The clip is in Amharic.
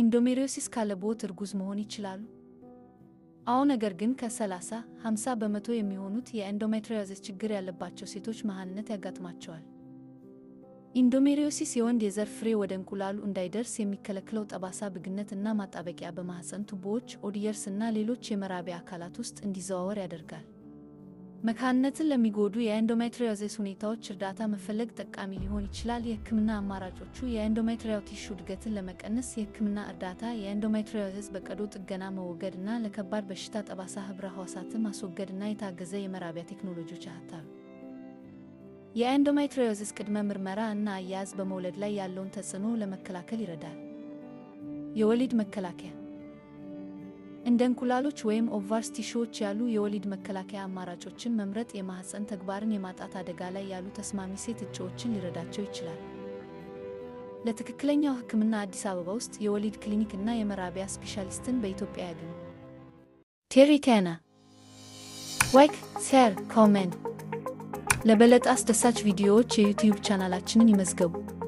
ኢንዶሜሪዮሲስ ካለብዎት እርጉዝ መሆን ይችላሉ? አዎ፣ ነገር ግን ከ30 50 በመቶ የሚሆኑት የኢንዶሜትሪዮሲስ ችግር ያለባቸው ሴቶች መሃንነት ያጋጥማቸዋል። ኢንዶሜሪዮሲስ የወንድ የዘር ፍሬ ወደ እንቁላሉ እንዳይደርስ የሚከለክለው ጠባሳ፣ ብግነት እና ማጣበቂያ በማህፀን ቱቦዎች፣ ኦዲየርስ እና ሌሎች የመራቢያ አካላት ውስጥ እንዲዘዋወር ያደርጋል። መካንነትን ለሚጎዱ የኤንዶሜትሪዮሲስ ሁኔታዎች እርዳታ መፈለግ ጠቃሚ ሊሆን ይችላል። የህክምና አማራጮቹ የኤንዶሜትሪያል ቲሹ እድገትን ለመቀነስ የህክምና እርዳታ፣ የኤንዶሜትሪዮሲስ በቀዶ ጥገና መወገድ ለከባድ በሽታ ጠባሳ ህብረ ህዋሳትን ማስወገድ የታገዘ የመራቢያ ቴክኖሎጂዎች ያካትታሉ። የኤንዶሜትሪዮሲስ ቅድመ ምርመራ እና አያያዝ በመውለድ ላይ ያለውን ተጽዕኖ ለመከላከል ይረዳል። የወሊድ መከላከያ እንደ እንቁላሎች ወይም ኦቫርስ ቲሾዎች ያሉ የወሊድ መከላከያ አማራጮችን መምረጥ የማህፀን ተግባርን የማጣት አደጋ ላይ ያሉ ተስማሚ ሴት እጩዎችን ሊረዳቸው ይችላል። ለትክክለኛው ሕክምና አዲስ አበባ ውስጥ የወሊድ ክሊኒክ እና የመራቢያ ስፔሻሊስትን በኢትዮጵያ ያግኙ። ቴሪ ቴና ዋይክ ሴር ኮመን ለበለጠ አስደሳች ቪዲዮዎች የዩትዩብ ቻናላችንን ይመዝገቡ።